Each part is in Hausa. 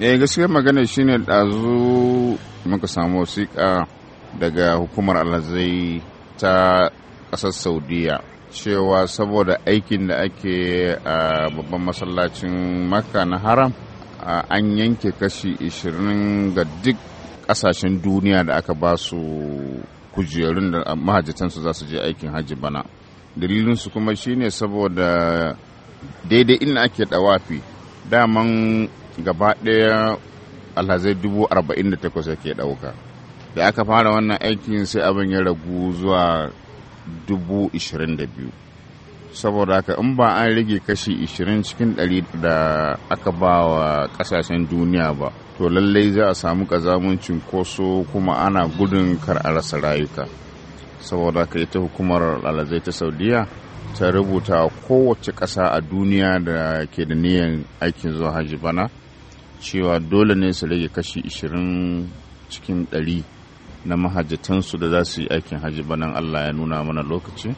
eh gaskiya magana shine ɗazu muka samu wasiƙa daga hukumar alazai ta ƙasar saudiya cewa saboda aikin da ake a babban masallacin makka na haram an yanke kashi 20 ga duk ƙasashen duniya da aka ba su kujerun da mahajjatansu za su je aikin hajji bana dalilinsu kuma shine saboda daidai inda ake dawafi daman gaba ɗaya alhazai dubu arba'in da yake ɗauka da aka fara wannan aikin sai abin ya ragu zuwa dubu ishirin da saboda haka in ba an rage kashi 20 cikin 100 da aka ba wa kasashen duniya ba to lallai za a samu kazamun cinkoso kuma ana gudun kar a rasa rayuka saboda haka ita hukumar alhazai ta saudiya ta rubuta kowace ƙasa a duniya da ke da niyan aikin zuwa hajji bana cewa dole ne su rage kashi 20 cikin 100 na mahajjatansu da za su yi aikin hajji banan Allah ya nuna mana lokaci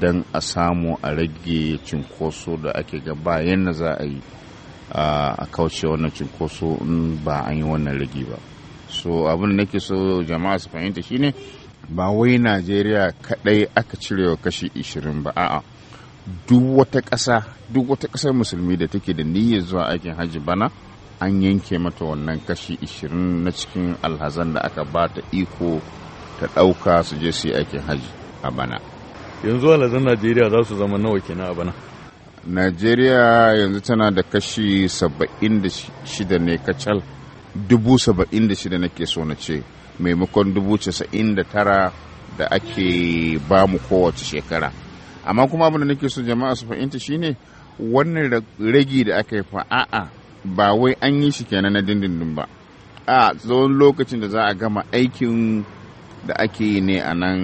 don a samu a rage cinkoso da ake ga bayan za a yi a kauce wannan cinkoso in ba an yi wannan rage ba so abin da nake so jama'a su fahimta shine ba wai najeriya kadai aka cirewa kashi 20 ba a'a duk wata ƙasa duk wata ƙasar musulmi da take da niyyar zuwa aikin hajji bana an yanke mata wannan kashi 20 na cikin alhazan da aka ba ta iko ta ɗauka su je su yi aikin hajji a bana yanzu alhazan najeriya za su zama nawa kenan a bana najeriya yanzu tana da kashi 76 ne kacal 76 nake so na ce maimakon 99 da ake ba mu kowace shekara amma kuma abin da nake so jama'a su fahimta shine wannan ragi da aka yi fa a'a ba wai an yi shi kenan na dindindin ba a tsawon lokacin da za a gama aikin da ake yi ne a nan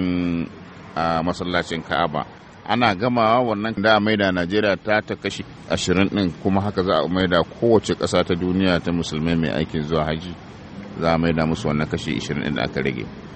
a masallacin ka'aba ana gamawa wannan da maida najeriya ta ta kashi ashirin din kuma haka za a maida kowace ƙasa ta duniya ta musulmai mai aikin zuwa haji za a maida musu wannan kashi ashirin din da aka rage